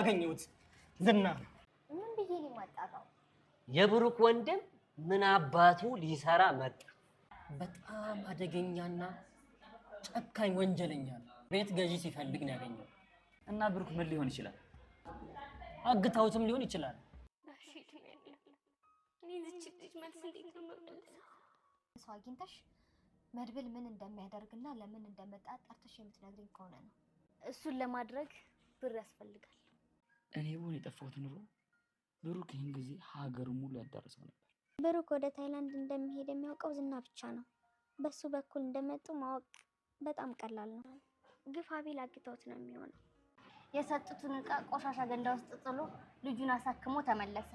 ያገኘሁት ዝና ነው። ምን ብዬ ሊማጣው የብሩክ ወንድም ምን አባቱ ሊሰራ መጣ? በጣም አደገኛና ጨካኝ ወንጀለኛ ነው። ቤት ገዢ ሲፈልግ ነው ያገኘው። እና ብሩክ ምን ሊሆን ይችላል? አግታውትም ሊሆን ይችላል። ሰው አግኝተሽ መድብል ምን እንደሚያደርግና ለምን እንደመጣ ጠርተሽ የምትነግሪኝ ከሆነ ነው። እሱን ለማድረግ ብር ያስፈልጋል። እኔ በሆነ የጠፋሁት ኑሮ ብሩክ ይህን ጊዜ ሀገር ሙሉ ያዳርሰው ነበር። ብሩክ ወደ ታይላንድ እንደሚሄድ የሚያውቀው ዝና ብቻ ነው። በሱ በኩል እንደመጡ ማወቅ በጣም ቀላል ነው። ግፋ ቢል አግተውት ነው የሚሆነው። የሰጡትን እቃ ቆሻሻ ገንዳ ውስጥ ጥሎ ልጁን አሳክሞ ተመለሰ።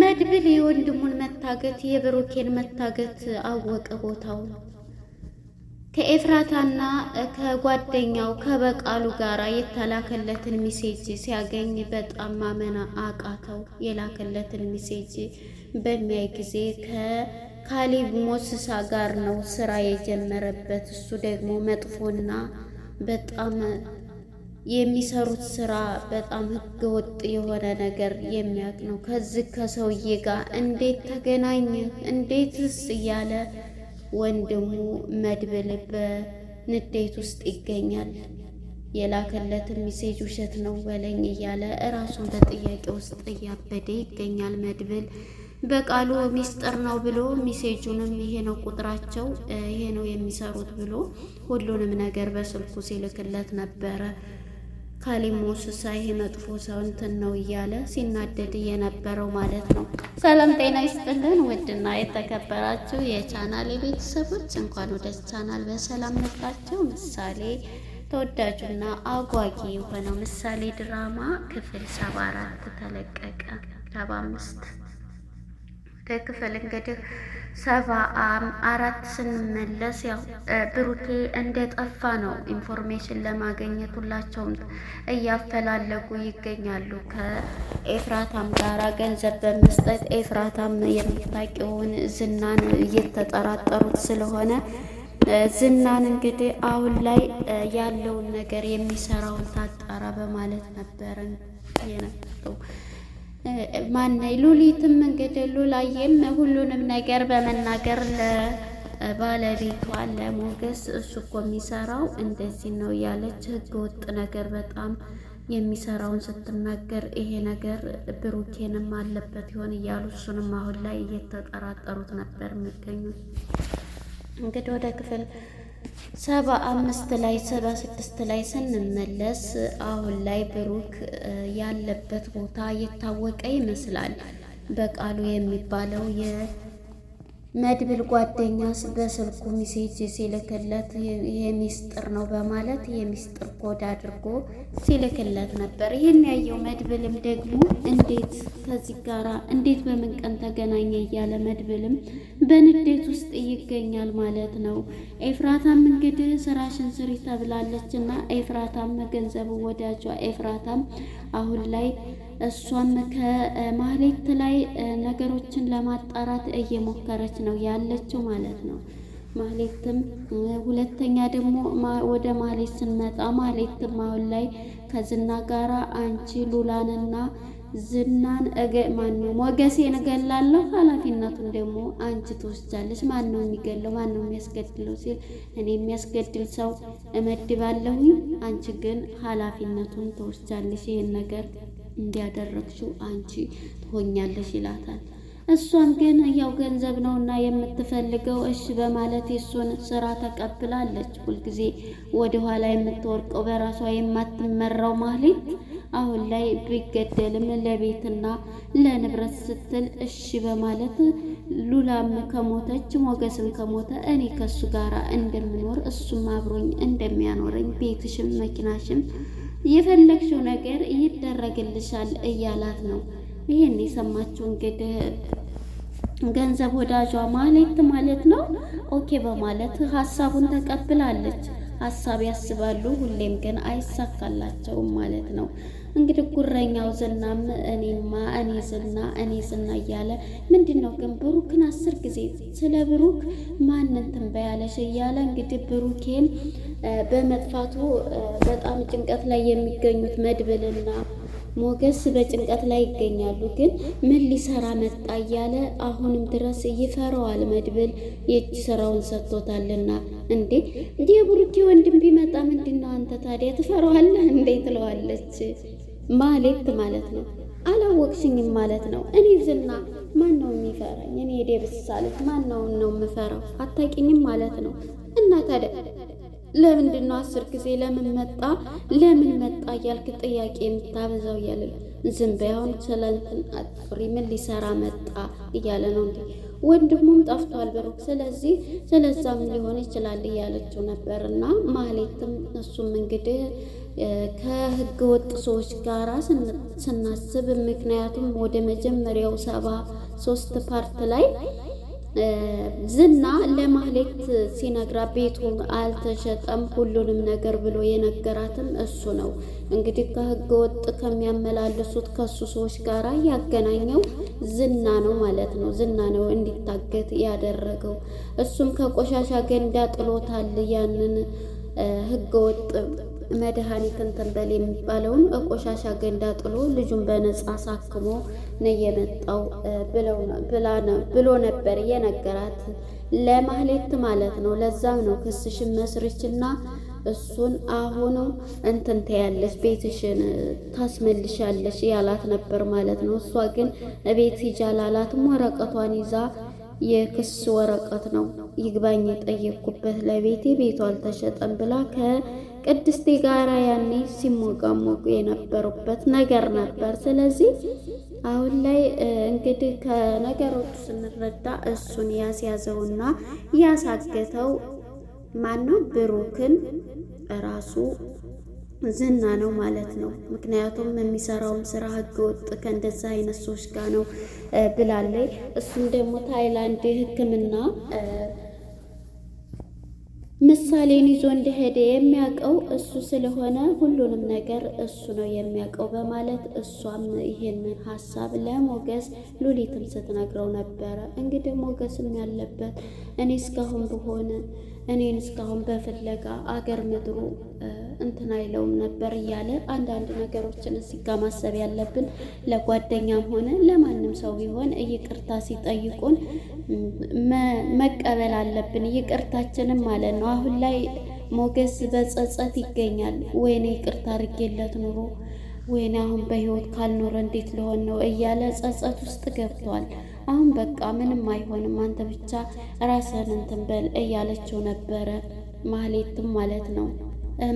መድብል የወንድሙን መታገት የብሩኬን መታገት አወቀ ቦታው ከኤፍራታና ከጓደኛው ከበቃሉ ጋር የተላከለትን ሚሴጅ ሲያገኝ በጣም ማመና አቃተው። የላከለትን ሚሴጅ በሚያይ ጊዜ ከካሊብ ሞስሳ ጋር ነው ስራ የጀመረበት። እሱ ደግሞ መጥፎና በጣም የሚሰሩት ስራ በጣም ወጥ የሆነ ነገር የሚያውቅ ነው። ከዚህ ከሰውዬ ጋር እንዴት ተገናኘ እንዴትስ እያለ ወንድሙ መድብል በንዴት ውስጥ ይገኛል። የላከለት ሚሴጅ ውሸት ነው በለኝ እያለ እራሱን በጥያቄ ውስጥ እያበደ ይገኛል። መድብል በቃሉ ሚስጥር ነው ብሎ ሚሴጁንም ይሄ ነው ቁጥራቸው፣ ይሄ ነው የሚሰሩት ብሎ ሁሉንም ነገር በስልኩ ሲልክለት ነበረ። ካሊሞስ ሞስሳ መጥፎ ሰው እንትን ነው እያለ ሲናደድ የነበረው ማለት ነው። ሰላም ጤና ይስጥልን ውድና የተከበራችሁ የቻናል ቤተሰቦች እንኳን ወደ ቻናል በሰላም መጣችሁ። ምሳሌ ተወዳጁና አጓጊ የሆነው ምሳሌ ድራማ ክፍል ሰባ አራት ተለቀቀ ሰባ አምስት ክፍል እንግዲህ ሰባ አራት ስንመለስ ያው ብሩኬ እንደጠፋ ነው ኢንፎርሜሽን ለማገኘት ሁላቸውም እያፈላለጉ ይገኛሉ። ከኤፍራታም ጋራ ገንዘብ በመስጠት ኤፍራታም የምታውቂውን ዝናን እየተጠራጠሩት ስለሆነ ዝናን እንግዲህ አሁን ላይ ያለውን ነገር የሚሰራውን ታጣራ በማለት ነበረን የነበረው ማነ ሉሊትም እንግዲህ ሉላዬም ሁሉንም ነገር በመናገር ለባለቤቷ ለሞገስ እሱ እኮ የሚሰራው እንደዚህ ነው ያለች ህገ ወጥ ነገር በጣም የሚሰራውን ስትናገር ይሄ ነገር ብሩኬንም አለበት ይሆን እያሉ እሱንም አሁን ላይ እየተጠራጠሩት ነበር የሚገኙት እንግዲህ ወደ ክፍል ሰባ አምስት ላይ ሰባ ስድስት ላይ ስንመለስ አሁን ላይ ብሩክ ያለበት ቦታ የታወቀ ይመስላል። በቃሉ የሚባለው የ መድብል ጓደኛ በስልኩ ሚሴጅ ሲልክለት የሚስጥር ነው በማለት የሚስጥር ኮድ አድርጎ ሲልክለት ነበር። ይህን ያየው መድብልም ደግሞ እንዴት ከዚህ ጋራ እንዴት በምን ቀን ተገናኘ እያለ መድብልም በንዴት ውስጥ ይገኛል ማለት ነው። ኤፍራታም እንግዲህ ስራሽን ስሪ ተብላለች እና ኤፍራታም ገንዘቡ ወዳጇ ኤፍራታም አሁን ላይ እሷም ከማህሌት ላይ ነገሮችን ለማጣራት እየሞከረች ነው ያለችው ማለት ነው። ማህሌትም ሁለተኛ ደግሞ ወደ ማህሌት ስንመጣ ማህሌትም አሁን ላይ ከዝና ጋራ አንቺ ሉላንና ዝናን እገ ማን ነው ሞገሴን እገላለሁ፣ ኃላፊነቱን ደግሞ አንቺ ትወስጃለች። ማን ነው የሚገለው? ማን ነው የሚያስገድለው? ሲል እኔ የሚያስገድል ሰው እመድባለሁኝ፣ አንቺ ግን ኃላፊነቱን ትወስጃለች ይህን ነገር እንዲያደረግሽው አንቺ ትሆኛለሽ ይላታል። እሷም ግን ያው ገንዘብ ነውና የምትፈልገው እሺ በማለት የእሱን ስራ ተቀብላለች። ሁልጊዜ ወደኋላ የምትወርቀው በራሷ የማትመራው ማህሌት አሁን ላይ ቢገደልም ለቤትና ለንብረት ስትል እሺ በማለት ሉላም ከሞተች ሞገስም ከሞተ እኔ ከሱ ጋር እንደምኖር እሱም አብሮኝ እንደሚያኖረኝ ቤትሽም መኪናሽም የፈለግሽው ነገር ይደረግልሻል እያላት ነው። ይህን የሰማችው እንግዲህ ገንዘብ ወዳጇ ማለት ማለት ነው ኦኬ በማለት ሀሳቡን ተቀብላለች። ሀሳብ ያስባሉ፣ ሁሌም ግን አይሳካላቸውም ማለት ነው። እንግዲህ ጉረኛው ዝናም እኔማ እኔ ዝና እኔ ዝና እያለ ምንድን ነው ግን ብሩክን አስር ጊዜ ስለ ብሩክ ማንን ትንበያለሽ እያለ እንግዲህ ብሩኬን በመጥፋቱ በጣም ጭንቀት ላይ የሚገኙት መድብልና ሞገስ በጭንቀት ላይ ይገኛሉ። ግን ምን ሊሰራ መጣ እያለ አሁንም ድረስ ይፈራዋል። መድብል የእጅ ስራውን ሰጥቶታልና እንዴ እንዲህ የቡርኪ ወንድም ቢመጣ ምንድነው አንተ ታዲያ ትፈራዋለህ እንዴ ትለዋለች። ማሌት ማለት ነው። አላወቅሽኝም ማለት ነው። እኔ ዝና ማን ነው የሚፈራኝ? እኔ የደብስ ሳለት ማን ነው ነው የምፈራው? አታውቂኝም ማለት ነው። እና ታዲያ ለምንድን ነው አስር ጊዜ ለምን መጣ ለምን መጣ እያልክ ጥያቄ የምታበዛው? እያለ ዝም በይ አሁን አጥሪ ምን ሊሰራ መጣ እያለ ነው እንዴ ወንድሙም ጠፍቷል ብሩክ። ስለዚህ ስለዛም ሊሆን ይችላል እያለችው ነበርና ማሌትም እሱም እንግዲህ ከህገወጥ ሰዎች ጋር ስናስብ ምክንያቱም ወደ መጀመሪያው ሰባ ሶስት ፓርት ላይ ዝና ለማህሌት ሲነግራ ቤቱ አልተሸጠም ሁሉንም ነገር ብሎ የነገራትም እሱ ነው። እንግዲህ ከህገወጥ ከሚያመላልሱት ከሱ ሰዎች ጋር ያገናኘው ዝና ነው ማለት ነው። ዝና ነው እንዲታገት ያደረገው። እሱም ከቆሻሻ ገንዳ ጥሎታል ያንን ህገወጥ መድኃኒትን ተንበል የሚባለውን ቆሻሻ ገንዳ ጥሎ ልጁን በነጻ አሳክሞ ነው የመጣው ብሎ ነበር የነገራት ለማህሌት ማለት ነው። ለዛም ነው ክስሽን መስርችና እሱን አሁኑ እንትን ትያለሽ ቤትሽን ታስመልሻለሽ ያላት ነበር ማለት ነው። እሷ ግን ቤት ሂጂ አላላትም። ወረቀቷን ይዛ የክስ ወረቀት ነው ይግባኝ የጠየቅኩበት ለቤቴ ቤቱ አልተሸጠም ብላ ከ ቅድስቴ ጋራ ያኔ ሲሞቃሞቁ የነበሩበት ነገር ነበር። ስለዚህ አሁን ላይ እንግዲህ ከነገሮቹ ስንረዳ እሱን ያስያዘውና ያሳገተው ማነው? ብሩክን ራሱ ዝና ነው ማለት ነው። ምክንያቱም የሚሰራውን ስራ ህገወጥ ከእንደዛ አይነት ሰዎች ጋር ነው ብላለች። እሱም ደግሞ ታይላንድ ሕክምና ምሳሌን ይዞ እንደሄደ የሚያውቀው እሱ ስለሆነ ሁሉንም ነገር እሱ ነው የሚያውቀው በማለት እሷም ይሄንን ሀሳብ ለሞገስ ሉሊትም ስትነግረው ነበረ። እንግዲህ ሞገስም ያለበት እኔ እስካሁን ብሆን እኔን እስካሁን በፍለጋ አገር ምድሩ እንትን አይለውም ነበር እያለ አንዳንድ ነገሮችን እዚህ ማሰብ ያለብን ለጓደኛም ሆነ ለማንም ሰው ቢሆን ይቅርታ ሲጠይቁን መቀበል አለብን፣ ይቅርታችንም ማለት ነው። አሁን ላይ ሞገስ በጸጸት ይገኛል። ወይኔ ይቅርታ አድርጌለት ኑሮ ወይኔ አሁን በህይወት ካልኖረ እንዴት ሊሆን ነው እያለ ጸጸት ውስጥ ገብቷል። አሁን በቃ ምንም አይሆንም፣ አንተ ብቻ ራስህን እንትን በል እያለችው ነበረ። ማህሌትም ማለት ነው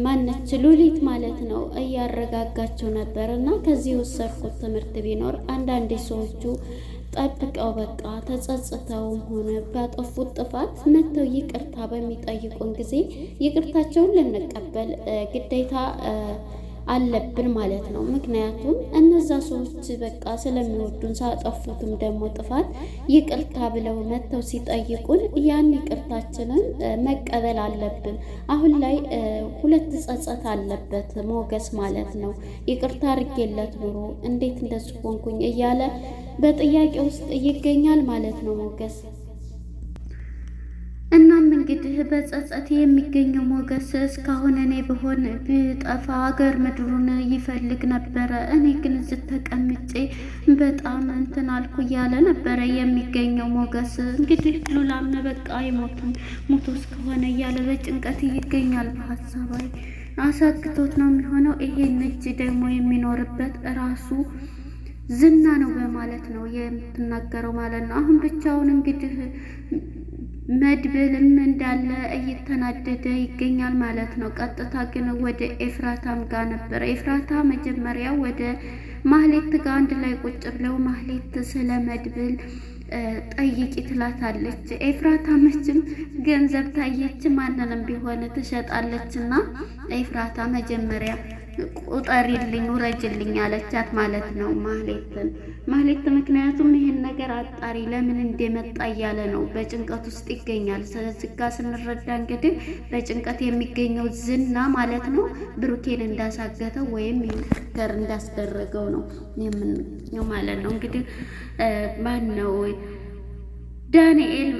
ማነች ሉሊት ማለት ነው እያረጋጋቸው ነበር። እና ከዚህ የወሰድኩት ትምህርት ቢኖር አንዳንዴ ሰዎቹ ጠብቀው በቃ ተጸጽተውም ሆነ ባጠፉት ጥፋት መጥተው ይቅርታ በሚጠይቁን ጊዜ ይቅርታቸውን ልንቀበል ግዴታ አለብን ማለት ነው። ምክንያቱም እነዛ ሰዎች በቃ ስለሚወዱን ሳጠፉትም ደግሞ ጥፋት ይቅርታ ብለው መጥተው ሲጠይቁን ያን ይቅርታችንን መቀበል አለብን። አሁን ላይ ሁለት ጸጸት አለበት ሞገስ ማለት ነው። ይቅርታ አድርጌለት ኑሮ እንዴት እንደዚህ ሆንኩኝ እያለ በጥያቄ ውስጥ ይገኛል ማለት ነው ሞገስ በጸጸት የሚገኘው ሞገስ እስካሁን እኔ በሆን ብጠፋ አገር ምድሩን ይፈልግ ነበረ። እኔ ግን እዚህ ተቀምጬ በጣም እንትን አልኩ እያለ ነበረ የሚገኘው ሞገስ። እንግዲህ ሉላም በቃ አይሞቱም ሞቶ እስከሆነ እያለ በጭንቀት ይገኛል። በሀሳባዊ አሳግቶት ነው የሚሆነው። ይሄን እጅ ደግሞ የሚኖርበት ራሱ ዝና ነው በማለት ነው የምትናገረው ማለት ነው። አሁን ብቻውን እንግዲህ መድብልም እንዳለ እየተናደደ ይገኛል ማለት ነው። ቀጥታ ግን ወደ ኤፍራታም ጋር ነበረ። ኤፍራታ መጀመሪያ ወደ ማህሌት ጋር አንድ ላይ ቁጭ ብለው ማህሌት ስለ መድብል ጠይቂ ትላታለች። ኤፍራታ መችም ገንዘብ ታየች ማንንም ቢሆን ትሸጣለች እና ኤፍራታ መጀመሪያ ቁጠሪልኝ ውረጅልኝ አለቻት ማለት ነው ማህሌትን ማህሌት ምክንያቱም ይህን ነገር አጣሪ ለምን እንደመጣ እያለ ነው በጭንቀት ውስጥ ይገኛል ስለዚህ ስንረዳ እንግዲህ በጭንቀት የሚገኘው ዝና ማለት ነው ብሩኬን እንዳሳገተው ወይም ነገር እንዳስደረገው ነው የምንገኘው ማለት ነው እንግዲህ ማን ነው ዳንኤል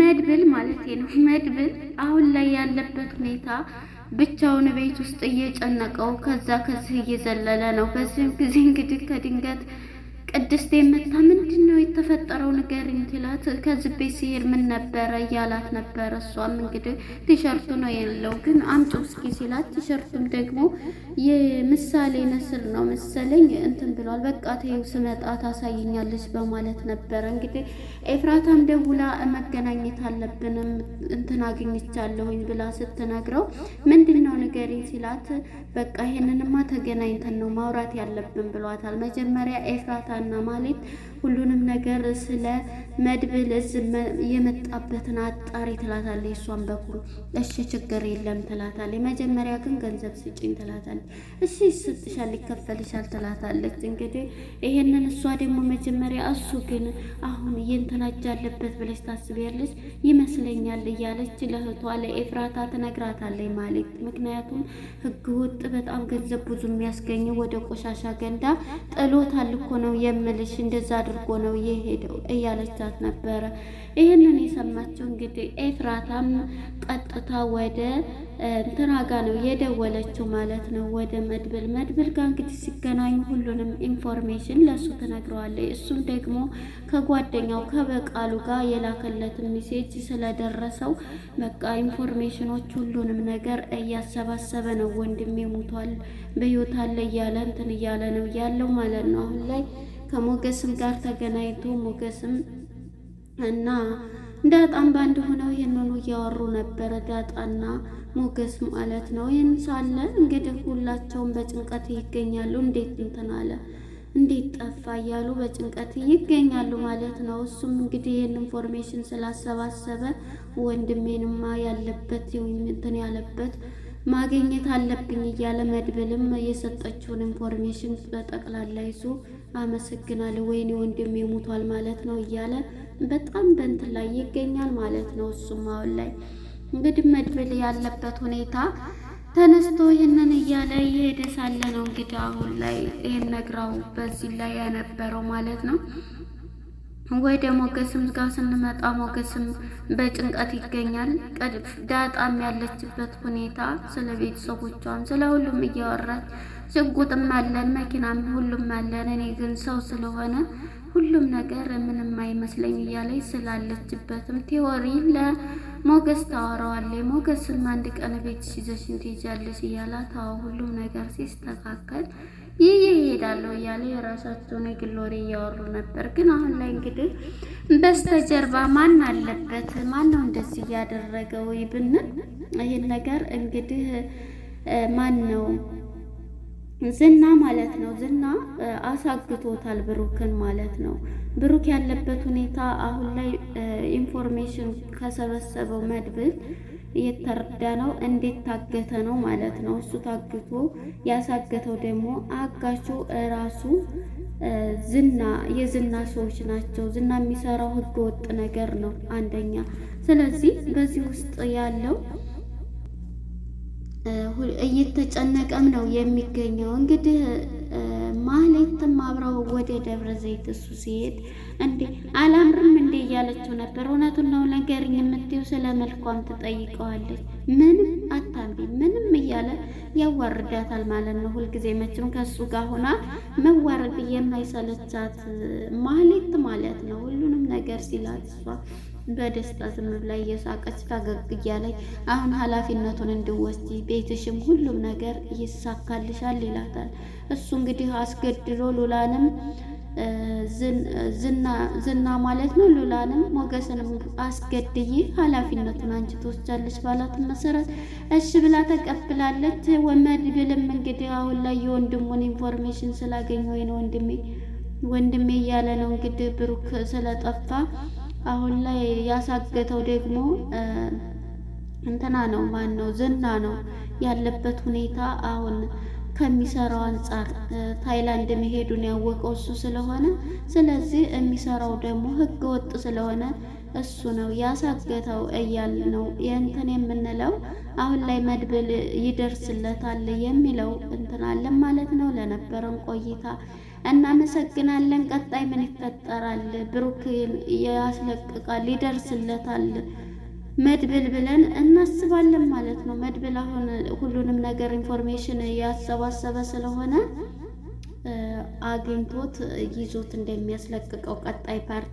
መድብል ማለት ነው መድብል አሁን ላይ ያለበት ሁኔታ ብቻውን ቤት ውስጥ እየጨነቀው ከዛ ከዚህ እየዘለለ ነው። በዚህም ጊዜ እንግዲህ ከድንገት ቅድስት የመታ ምንድን ነው የተፈጠረው ነገር እንትላት ከዚህ ቤት ሲሄድ ምን ነበረ እያላት ነበረ። እሷም እንግዲህ ቲሸርቱ ነው የለው ግን አምጡ እስኪ ሲላት ቲሸርቱም ደግሞ የምሳሌ ነስል ነው መሰለኝ እንትን ብሏል። በቃ ተይው ስመጣ ታሳይኛለች በማለት ነበረ እንግዲህ ኤፍራታም ደውላ መገናኘት አለብንም እንትን አግኝቻለሁኝ ብላ ስትነግረው ምንድን ንገሪ ሲላት በቃ ይሄንንማ ተገናኝተን ነው ማውራት ያለብን ብሏታል። መጀመሪያ ኤፍራታና ማሌት ሁሉንም ነገር ስለ መድብል እዝ የመጣበትን አጣሪ ትላታለች። እሷን በኩል እሺ ችግር የለም ትላታለች። መጀመሪያ ግን ገንዘብ ስጭኝ ትላታለች። እሺ ይሰጥሻል፣ ይከፈልሻል ትላታለች። እንግዲህ ይሄንን እሷ ደግሞ መጀመሪያ እሱ ግን አሁን እየንተናጅ አለበት ብለሽ ታስቢያለች ይመስለኛል እያለች ለእህቷ ለኤፍራታ ትነግራታለች ማለት ምክንያቱም ህግ ወጥ በጣም ገንዘብ ብዙ የሚያስገኘው ወደ ቆሻሻ ገንዳ ጥሎታል እኮ ነው የምልሽ እንደዛ አድርጎ ነው የሄደው እያለቻት ነበረ። ይህንን የሰማችው እንግዲህ ኤፍራታም ቀጥታ ወደ እንትና ጋ ነው የደወለችው ማለት ነው፣ ወደ መድብል። መድብል ጋር እንግዲህ ሲገናኙ ሁሉንም ኢንፎርሜሽን ለእሱ ትነግረዋለች። እሱም ደግሞ ከጓደኛው ከበቃሉ ጋር የላከለትን ሚሴጅ ስለደረሰው በቃ ኢንፎርሜሽኖች ሁሉንም ነገር እያሰባሰበ ነው። ወንድሜ ሙቷል በሕይወት አለ እያለ እንትን እያለ ነው ያለው ማለት ነው አሁን ላይ ከሞገስም ጋር ተገናኝቶ ሞገስም እና ዳጣም ባንድ ሆነው ይህንኑ እያወሩ ነበረ፣ ዳጣና ሞገስ ማለት ነው። ይህን ሳለ እንግዲህ ሁላቸውም በጭንቀት ይገኛሉ። እንዴት እንትን አለ እንዴት ጠፋ እያሉ በጭንቀት ይገኛሉ ማለት ነው። እሱም እንግዲህ ይህን ኢንፎርሜሽን ስላሰባሰበ ወንድሜንማ ያለበት እንትን ያለበት ማግኘት አለብኝ እያለ መድብልም የሰጠችውን ኢንፎርሜሽን በጠቅላላ ይዞ አመሰግናለሁ ወይኔ ወንድሜ ሞቷል ማለት ነው እያለ በጣም በእንትን ላይ ይገኛል ማለት ነው። እሱም አሁን ላይ እንግዲህ መድብል ያለበት ሁኔታ ተነስቶ ይህንን እያለ እየሄደ ሳለ ነው እንግዲህ አሁን ላይ ይህን ነግራው በዚህ ላይ የነበረው ማለት ነው። ወደ ሞገስም ጋር ስንመጣ ሞገስም በጭንቀት ይገኛል። ዳጣም ያለችበት ሁኔታ ስለ ቤተሰቦቿም ስለ ሁሉም እያወራች ሽጉጥም አለን መኪናም ሁሉም አለን፣ እኔ ግን ሰው ስለሆነ ሁሉም ነገር ምንም አይመስለኝ እያለች ስላለችበትም ቴዎሪ ለሞገስ ታወራዋለች። ሞገስም አንድ ቀን ቤት ይዘሽን ትሄጃለሽ እያላት ሁሉም ነገር ሲስተካከል ይህ ይሄዳለሁ እያለ የራሳቸውን የግል ወሬ እያወሩ ነበር። ግን አሁን ላይ እንግዲህ በስተጀርባ ማን አለበት? ማን ነው እንደዚህ እያደረገው ብንል ይህን ነገር እንግዲህ ማን ነው ዝና ማለት ነው። ዝና አሳግቶታል ብሩክን ማለት ነው። ብሩክ ያለበት ሁኔታ አሁን ላይ ኢንፎርሜሽን ከሰበሰበው መድብል እየተረዳ ነው። እንዴት ታገተ ነው ማለት ነው። እሱ ታግቶ ያሳገተው ደግሞ አጋቹ ራሱ ዝና የዝና ሰዎች ናቸው። ዝና የሚሰራው ህገወጥ ነገር ነው አንደኛ። ስለዚህ በዚህ ውስጥ ያለው እየተጨነቀም ነው የሚገኘው እንግዲህ ማህሌትም አብረው ወደ ደብረ ዘይት እሱ ሲሄድ እንዴ አላምርም እንዴ እያለችው ነበር። እውነቱን ነው ነገርኝ የምትይው ስለ መልኳም ትጠይቀዋለች። ምንም አታምቢ ምንም እያለ ያዋርዳታል ማለት ነው። ሁልጊዜ መቼም ከእሱ ጋር ሆና መዋረድ የማይሰለቻት ማህሌት ማለት ነው። ሁሉንም ነገር ሲላት እሷ በደስታ ዝም ብላ እየሳቀች ፈገግ እያለች አሁን ኃላፊነቱን እንድወስጂ ቤትሽም ሁሉም ነገር ይሳካልሻል ይላታል። እሱ እንግዲህ አስገድሎ ሉላንም ዝና ማለት ነው ሉላንም ሞገስንም አስገድዬ ኃላፊነቱን አንቺ ትወስጃለሽ ባላት መሰረት እሺ ብላ ተቀብላለች። ብልም እንግዲህ አሁን ላይ የወንድሙን ኢንፎርሜሽን ስላገኘ ወይ ነው ወንድሜ ወንድሜ እያለ ነው እንግዲህ ብሩክ ስለጠፋ አሁን ላይ ያሳገተው ደግሞ እንትና ነው። ማን ነው? ዝና ነው። ያለበት ሁኔታ አሁን ከሚሰራው አንጻር ታይላንድ መሄዱን ያወቀው እሱ ስለሆነ፣ ስለዚህ የሚሰራው ደግሞ ህገ ወጥ ስለሆነ እሱ ነው ያሳገተው እያል ነው የእንትን የምንለው። አሁን ላይ መድብል ይደርስለታል የሚለው እንትን አለን ማለት ነው። ለነበረን ቆይታ እናመሰግናለን። ቀጣይ ምን ይፈጠራል? ብሩክ ያስለቅቃል፣ ይደርስለታል መድብል ብለን እናስባለን ማለት ነው። መድብል አሁን ሁሉንም ነገር ኢንፎርሜሽን ያሰባሰበ ስለሆነ አግኝቶት ይዞት እንደሚያስለቅቀው ቀጣይ ፓርት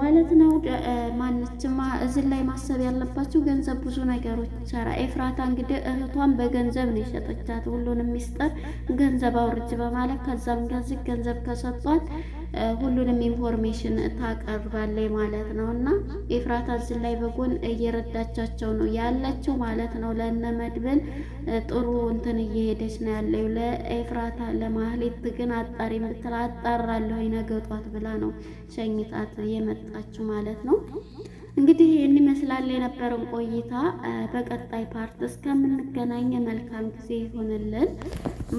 ማለት ነው። ማንችማ እዚህ ላይ ማሰብ ያለባቸው ገንዘብ ብዙ ነገሮች ይሰራ። ኤፍራታ እንግዲህ እህቷን በገንዘብ ነው የሸጠቻት ሁሉንም ሚስጥር ገንዘብ አውርጅ በማለት ከዛም ገንዘብ ከሰጧት ሁሉንም ኢንፎርሜሽን ታቀርባለች ማለት ነው። እና ኤፍራታ እዚህ ላይ በጎን እየረዳቻቸው ነው ያለችው ማለት ነው። ለነ መድብን ጥሩ እንትን እየሄደች ነው ያለው። ለኤፍራታ ለማህሌት ግን አጣሪ ምትል አጣራለሁ ነገ ብላ ነው ሸኝጣት የመጣችው ማለት ነው። እንግዲህ ይህን ይመስላል የነበረን ቆይታ። በቀጣይ ፓርት እስከምንገናኝ መልካም ጊዜ ይሆንልን።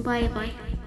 ባይ ባይ።